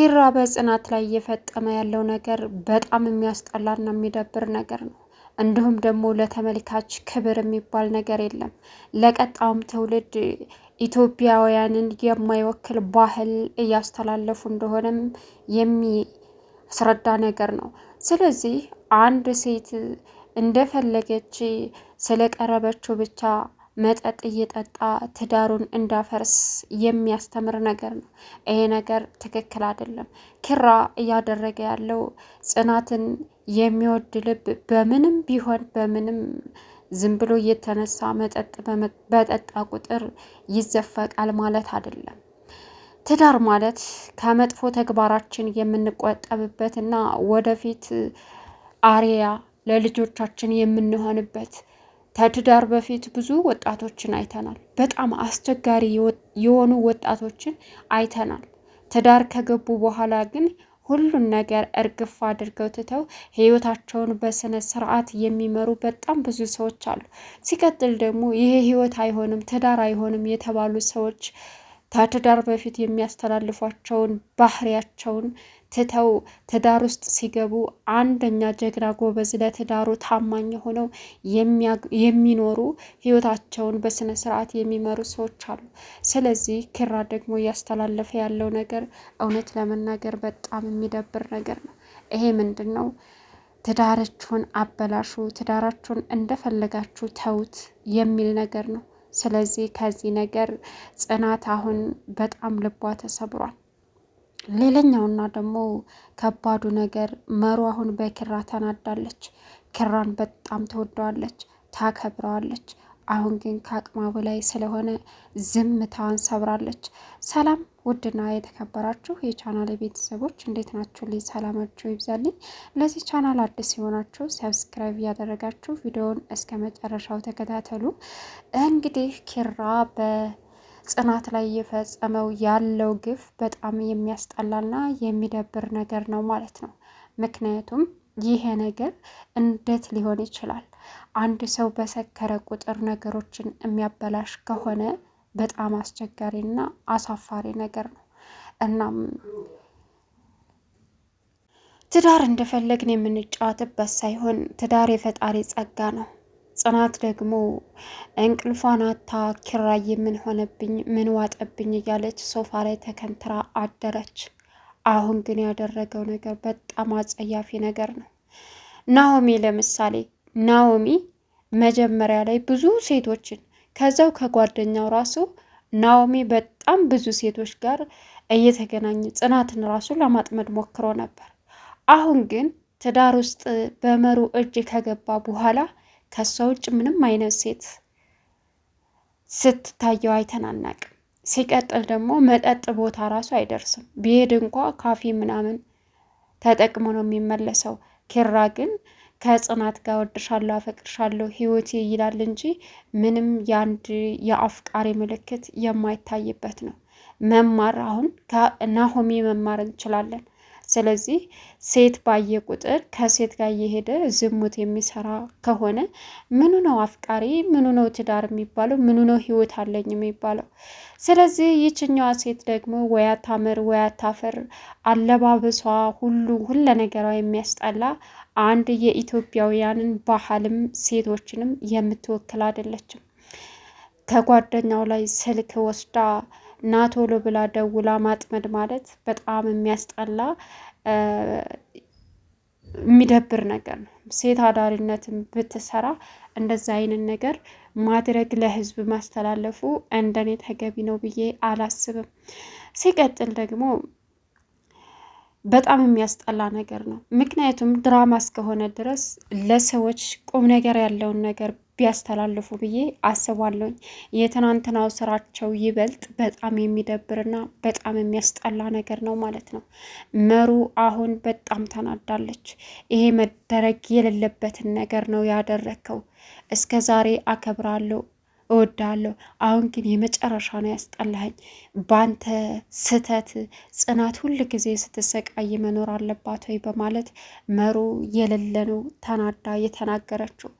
ኪራ በጽናት ላይ እየፈጠመ ያለው ነገር በጣም የሚያስጠላና የሚደብር ነገር ነው። እንዲሁም ደግሞ ለተመልካች ክብር የሚባል ነገር የለም። ለቀጣውም ትውልድ ኢትዮጵያውያንን የማይወክል ባህል እያስተላለፉ እንደሆነም የሚያስረዳ ነገር ነው። ስለዚህ አንድ ሴት እንደፈለገች ስለቀረበችው ብቻ መጠጥ እየጠጣ ትዳሩን እንዳፈርስ የሚያስተምር ነገር ነው። ይሄ ነገር ትክክል አይደለም። ኪራ እያደረገ ያለው ጽናትን የሚወድ ልብ በምንም ቢሆን በምንም ዝም ብሎ እየተነሳ መጠጥ በጠጣ ቁጥር ይዘፈቃል ማለት አይደለም። ትዳር ማለት ከመጥፎ ተግባራችን የምንቆጠብበትና ወደፊት አሪያ ለልጆቻችን የምንሆንበት ከትዳር በፊት ብዙ ወጣቶችን አይተናል። በጣም አስቸጋሪ የሆኑ ወጣቶችን አይተናል። ትዳር ከገቡ በኋላ ግን ሁሉን ነገር እርግፍ አድርገው ትተው ህይወታቸውን በስነ ስርዓት የሚመሩ በጣም ብዙ ሰዎች አሉ። ሲቀጥል ደግሞ ይሄ ህይወት አይሆንም፣ ትዳር አይሆንም የተባሉ ሰዎች ከትዳር በፊት የሚያስተላልፏቸውን ባህሪያቸውን ትተው ትዳር ውስጥ ሲገቡ አንደኛ ጀግና ጎበዝ ለትዳሩ ታማኝ ሆነው የሚኖሩ ህይወታቸውን በስነ ስርዓት የሚመሩ ሰዎች አሉ። ስለዚህ ኪራ ደግሞ እያስተላለፈ ያለው ነገር እውነት ለመናገር በጣም የሚደብር ነገር ነው። ይሄ ምንድን ነው? ትዳራችሁን አበላሹ፣ ትዳራችሁን እንደፈለጋችሁ ተውት የሚል ነገር ነው። ስለዚህ ከዚህ ነገር ጽናት አሁን በጣም ልቧ ተሰብሯል። ሌላኛውና ደግሞ ከባዱ ነገር መሩ አሁን በኪራ ተናዳለች። ኪራን በጣም ትወደዋለች፣ ታከብረዋለች። አሁን ግን ከአቅማ በላይ ስለሆነ ዝምታዋን ሰብራለች። ሰላም ውድና የተከበራችሁ የቻናል ቤተሰቦች እንዴት ናችሁ? ልኝ ሰላማችሁ ይብዛልኝ። ለዚህ ቻናል አዲስ የሆናችሁ ሰብስክራይብ እያደረጋችሁ ቪዲዮውን እስከ መጨረሻው ተከታተሉ። እንግዲህ ኪራ በ ጽናት ላይ እየፈጸመው ያለው ግፍ በጣም የሚያስጠላና የሚደብር ነገር ነው ማለት ነው። ምክንያቱም ይሄ ነገር እንዴት ሊሆን ይችላል? አንድ ሰው በሰከረ ቁጥር ነገሮችን የሚያበላሽ ከሆነ በጣም አስቸጋሪና አሳፋሪ ነገር ነው። እናም ትዳር እንደፈለግን የምንጫወትበት ሳይሆን ትዳር የፈጣሪ ጸጋ ነው። ጽናት ደግሞ እንቅልፏን አታ ኪራዬ ምን ሆነብኝ ምን ዋጠብኝ እያለች ሶፋ ላይ ተከንትራ አደረች። አሁን ግን ያደረገው ነገር በጣም አጸያፊ ነገር ነው። ናኦሚ ለምሳሌ ናኦሚ መጀመሪያ ላይ ብዙ ሴቶችን ከዛው ከጓደኛው ራሱ ናኦሚ በጣም ብዙ ሴቶች ጋር እየተገናኘ ጽናትን ራሱ ለማጥመድ ሞክሮ ነበር። አሁን ግን ትዳር ውስጥ በመሩ እጅ ከገባ በኋላ ከእሷ ውጭ ምንም አይነት ሴት ስትታየው አይተናናቅ ሲቀጥል ደግሞ መጠጥ ቦታ ራሱ አይደርስም። ቢሄድ እንኳ ካፌ ምናምን ተጠቅሞ ነው የሚመለሰው። ኪራ ግን ከጽናት ጋር ወድሻለሁ፣ አፈቅርሻለሁ ህይወቴ ይላል እንጂ ምንም የአንድ የአፍቃሪ ምልክት የማይታይበት ነው። መማር አሁን ናሆሜ መማር እንችላለን። ስለዚህ ሴት ባየ ቁጥር ከሴት ጋር እየሄደ ዝሙት የሚሰራ ከሆነ ምኑ ነው አፍቃሪ? ምኑ ነው ትዳር የሚባለው? ምኑ ነው ህይወት አለኝ የሚባለው? ስለዚህ ይችኛዋ ሴት ደግሞ ወይ አታምር ወይ አለባበሷ ሁሉ ሁለ ነገሯ የሚያስጠላ አንድ የኢትዮጵያውያንን ባህልም ሴቶችንም የምትወክል አይደለችም። ከጓደኛው ላይ ስልክ ወስዳ ና ቶሎ ብላ ደውላ ማጥመድ ማለት በጣም የሚያስጠላ የሚደብር ነገር ነው። ሴት አዳሪነትን ብትሰራ እንደዛ አይነት ነገር ማድረግ ለህዝብ ማስተላለፉ እንደኔ ተገቢ ነው ብዬ አላስብም። ሲቀጥል ደግሞ በጣም የሚያስጠላ ነገር ነው። ምክንያቱም ድራማ እስከሆነ ድረስ ለሰዎች ቁም ነገር ያለውን ነገር ቢያስተላልፉ ብዬ አስባለሁኝ። የትናንትናው ስራቸው ይበልጥ በጣም የሚደብርና በጣም የሚያስጠላ ነገር ነው ማለት ነው። መሩ አሁን በጣም ተናዳለች። ይሄ መደረግ የሌለበትን ነገር ነው ያደረግከው። እስከ ዛሬ አከብራለሁ እወዳለሁ። አሁን ግን የመጨረሻ ነው ያስጠላኝ። ባንተ ስህተት ጽናት ሁል ጊዜ ስትሰቃይ መኖር አለባት ወይ በማለት መሩ የሌለ ነው ተናዳ የተናገረችው።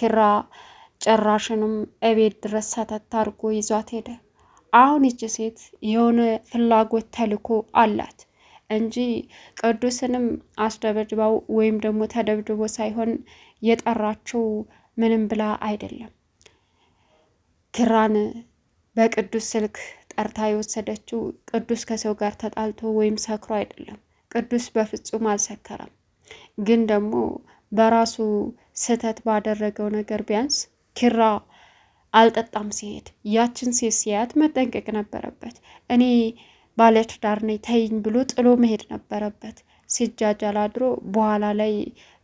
ኪራ ጭራሽንም እቤት ድረስ ሰተት አድርጎ ይዟት ሄደ። አሁን ይቺ ሴት የሆነ ፍላጎት ተልኮ አላት እንጂ ቅዱስንም አስደበድባው ወይም ደግሞ ተደብድቦ ሳይሆን የጠራችው ምንም ብላ አይደለም። ኪራን በቅዱስ ስልክ ጠርታ የወሰደችው ቅዱስ ከሰው ጋር ተጣልቶ ወይም ሰክሮ አይደለም። ቅዱስ በፍጹም አልሰከረም። ግን ደግሞ በራሱ ስህተት ባደረገው ነገር ቢያንስ ኪራ አልጠጣም ሲሄድ ያችን ሴት ሲያያት መጠንቀቅ ነበረበት። እኔ ባለትዳር ነኝ ተይኝ ብሎ ጥሎ መሄድ ነበረበት። ሲጃጃል አድሮ በኋላ ላይ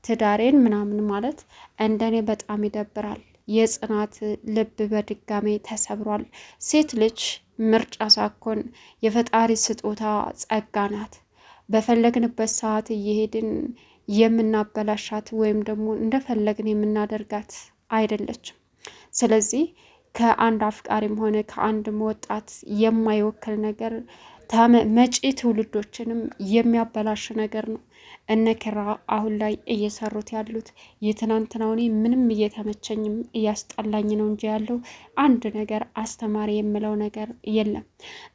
ትዳሬን ምናምን ማለት እንደኔ በጣም ይደብራል። የጽናት ልብ በድጋሜ ተሰብሯል። ሴት ልጅ ምርጫ ሳኮን የፈጣሪ ስጦታ ጸጋ ናት። በፈለግንበት ሰዓት እየሄድን የምናበላሻት ወይም ደግሞ እንደፈለግን የምናደርጋት አይደለችም። ስለዚህ ከአንድ አፍቃሪም ሆነ ከአንድም ወጣት የማይወክል ነገር መጪ ትውልዶችንም የሚያበላሽ ነገር ነው። እነኪራ አሁን ላይ እየሰሩት ያሉት የትናንትናው እኔ ምንም እየተመቸኝም እያስጠላኝ ነው እንጂ ያለው አንድ ነገር አስተማሪ የምለው ነገር የለም።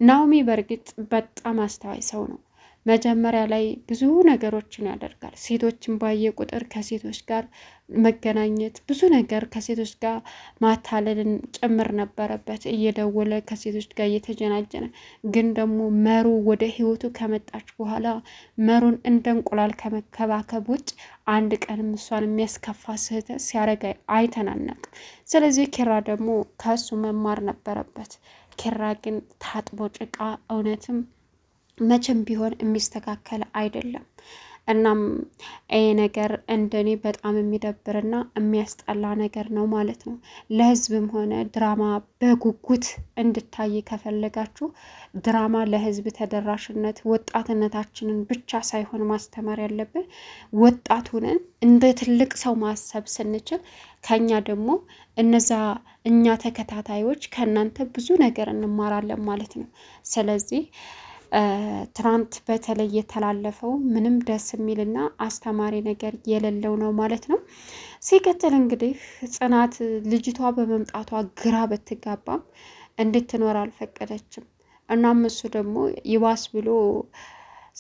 ናኦሚ በእርግጥ በጣም አስተዋይ ሰው ነው። መጀመሪያ ላይ ብዙ ነገሮችን ያደርጋል። ሴቶችን ባየ ቁጥር ከሴቶች ጋር መገናኘት፣ ብዙ ነገር ከሴቶች ጋር ማታለልን ጭምር ነበረበት። እየደወለ ከሴቶች ጋር እየተጀናጀነ ግን ደግሞ መሩ ወደ ህይወቱ ከመጣች በኋላ መሩን እንደ እንቁላል ከመከባከብ ውጭ አንድ ቀንም እሷን የሚያስከፋ ስህተት ሲያደርግ አይተናነቅ። ስለዚህ ኪራ ደግሞ ከእሱ መማር ነበረበት። ኪራ ግን ታጥቦ ጭቃ እውነትም መቼም ቢሆን የሚስተካከል አይደለም። እናም ይሄ ነገር እንደኔ በጣም የሚደብርና የሚያስጠላ ነገር ነው ማለት ነው። ለህዝብም ሆነ ድራማ በጉጉት እንድታይ ከፈለጋችሁ ድራማ ለህዝብ ተደራሽነት ወጣትነታችንን ብቻ ሳይሆን ማስተማር ያለብን ወጣቱንን እንደ ትልቅ ሰው ማሰብ ስንችል ከኛ ደግሞ እነዛ እኛ ተከታታዮች ከእናንተ ብዙ ነገር እንማራለን ማለት ነው። ስለዚህ ትናንት በተለይ የተላለፈው ምንም ደስ የሚልና አስተማሪ ነገር የሌለው ነው ማለት ነው። ሲቀጥል እንግዲህ ጽናት ልጅቷ በመምጣቷ ግራ ብትጋባም እንድትኖር አልፈቀደችም። እናም እሱ ደግሞ ይባስ ብሎ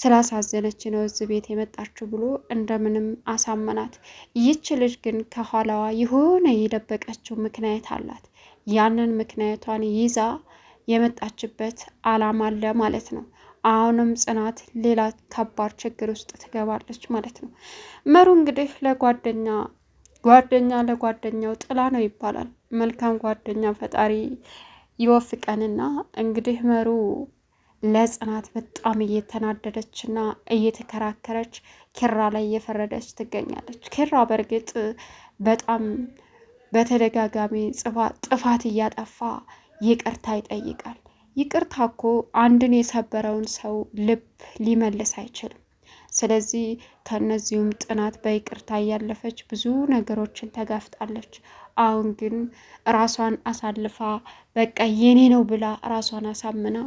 ስላሳዘነች ነው እዚህ ቤት የመጣችው ብሎ እንደምንም አሳመናት። ይች ልጅ ግን ከኋላዋ የሆነ የደበቀችው ምክንያት አላት። ያንን ምክንያቷን ይዛ የመጣችበት አላማ አለ ማለት ነው። አሁንም ጽናት ሌላ ከባድ ችግር ውስጥ ትገባለች ማለት ነው። መሩ እንግዲህ ለጓደኛ ጓደኛ ለጓደኛው ጥላ ነው ይባላል። መልካም ጓደኛ ፈጣሪ ይወፍቀንና እንግዲህ መሩ ለጽናት በጣም እየተናደደች እና እየተከራከረች ኪራ ላይ እየፈረደች ትገኛለች። ኪራ በእርግጥ በጣም በተደጋጋሚ ጥፋት እያጠፋ ይቅርታ ይጠይቃል። ይቅርታ እኮ አንድን የሰበረውን ሰው ልብ ሊመልስ አይችልም። ስለዚህ ከእነዚሁም ጥናት በይቅርታ እያለፈች ብዙ ነገሮችን ተጋፍጣለች። አሁን ግን ራሷን አሳልፋ በቃ የኔ ነው ብላ ራሷን አሳምና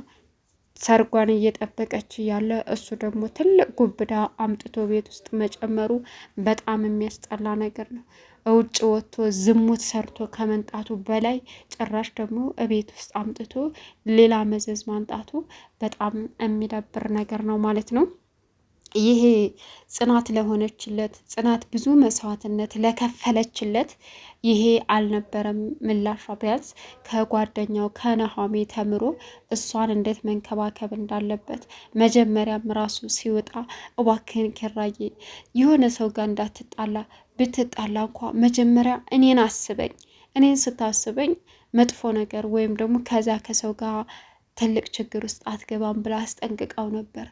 ሰርጓን እየጠበቀች እያለ እሱ ደግሞ ትልቅ ጉብዳ አምጥቶ ቤት ውስጥ መጨመሩ በጣም የሚያስጠላ ነገር ነው። ውጭ ወጥቶ ዝሙት ሰርቶ ከመንጣቱ በላይ ጭራሽ ደግሞ እቤት ውስጥ አምጥቶ ሌላ መዘዝ ማምጣቱ በጣም የሚደብር ነገር ነው ማለት ነው። ይሄ ጽናት ለሆነችለት ጽናት ብዙ መስዋዕትነት ለከፈለችለት ይሄ አልነበረም ምላሿ። ቢያንስ ከጓደኛው ከነሐሜ ተምሮ እሷን እንዴት መንከባከብ እንዳለበት መጀመሪያም ራሱ ሲወጣ እባክህን ኪራዬ የሆነ ሰው ጋር እንዳትጣላ ብትጣላ እንኳ መጀመሪያ እኔን አስበኝ፣ እኔን ስታስበኝ መጥፎ ነገር ወይም ደግሞ ከዛ ከሰው ጋር ትልቅ ችግር ውስጥ አትገባም ብላ አስጠንቅቀው ነበር።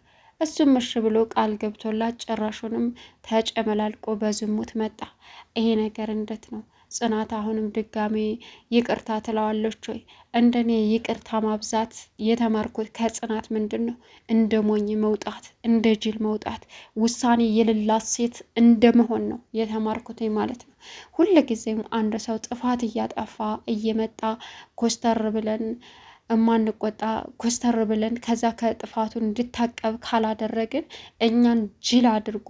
እሱም እሽ ብሎ ቃል ገብቶላት ጭራሹንም ተጨመላልቆ በዝሙት መጣ። ይሄ ነገር እንዴት ነው? ጽናት አሁንም ድጋሜ ይቅርታ ትለዋለች ወይ? እንደኔ ይቅርታ ማብዛት የተማርኩት ከጽናት ምንድን ነው እንደ ሞኝ መውጣት፣ እንደ ጅል መውጣት፣ ውሳኔ የሌላት ሴት እንደ መሆን ነው የተማርኩት ማለት ነው። ሁልጊዜም አንድ ሰው ጥፋት እያጠፋ እየመጣ ኮስተር ብለን እማንቆጣ ኮስተር ብለን ከዛ ከጥፋቱን እንድታቀብ ካላደረግን እኛን ጅል አድርጎ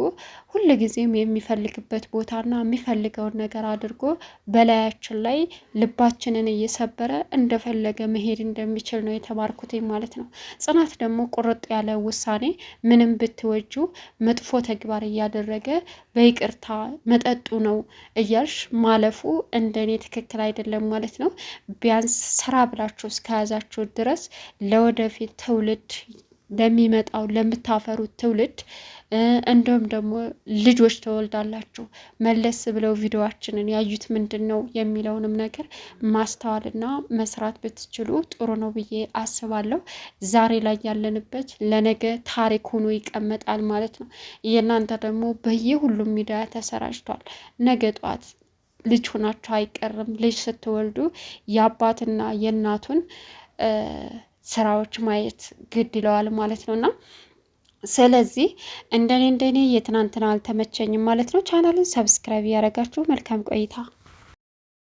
ጊዜም የሚፈልግበት ቦታና የሚፈልገውን ነገር አድርጎ በላያችን ላይ ልባችንን እየሰበረ እንደፈለገ መሄድ እንደሚችል ነው የተማርኩት ማለት ነው። ጽናት ደግሞ ቁርጥ ያለ ውሳኔ ምንም ብትወጁ መጥፎ ተግባር እያደረገ በይቅርታ መጠጡ ነው እያልሽ ማለፉ እንደኔ ትክክል አይደለም ማለት ነው። ቢያንስ ስራ ብላችሁ እስከያዛችሁ ድረስ ለወደፊት ትውልድ ለሚመጣው ለምታፈሩት ትውልድ እንዲሁም ደግሞ ልጆች ተወልዳላችሁ መለስ ብለው ቪዲዮችንን ያዩት ምንድን ነው የሚለውንም ነገር ማስተዋልና መስራት ብትችሉ ጥሩ ነው ብዬ አስባለሁ። ዛሬ ላይ ያለንበት ለነገ ታሪክ ሆኖ ይቀመጣል ማለት ነው። የእናንተ ደግሞ በየሁሉም ሚዲያ ተሰራጭቷል። ነገ ጠዋት ልጅ ሆናችሁ አይቀርም። ልጅ ስትወልዱ የአባትና የእናቱን ስራዎች ማየት ግድ ይለዋል ማለት ነውና ስለዚህ እንደኔ እንደኔ የትናንትና አልተመቸኝም ማለት ነው። ቻናሉን ሰብስክራይብ እያደረጋችሁ መልካም ቆይታ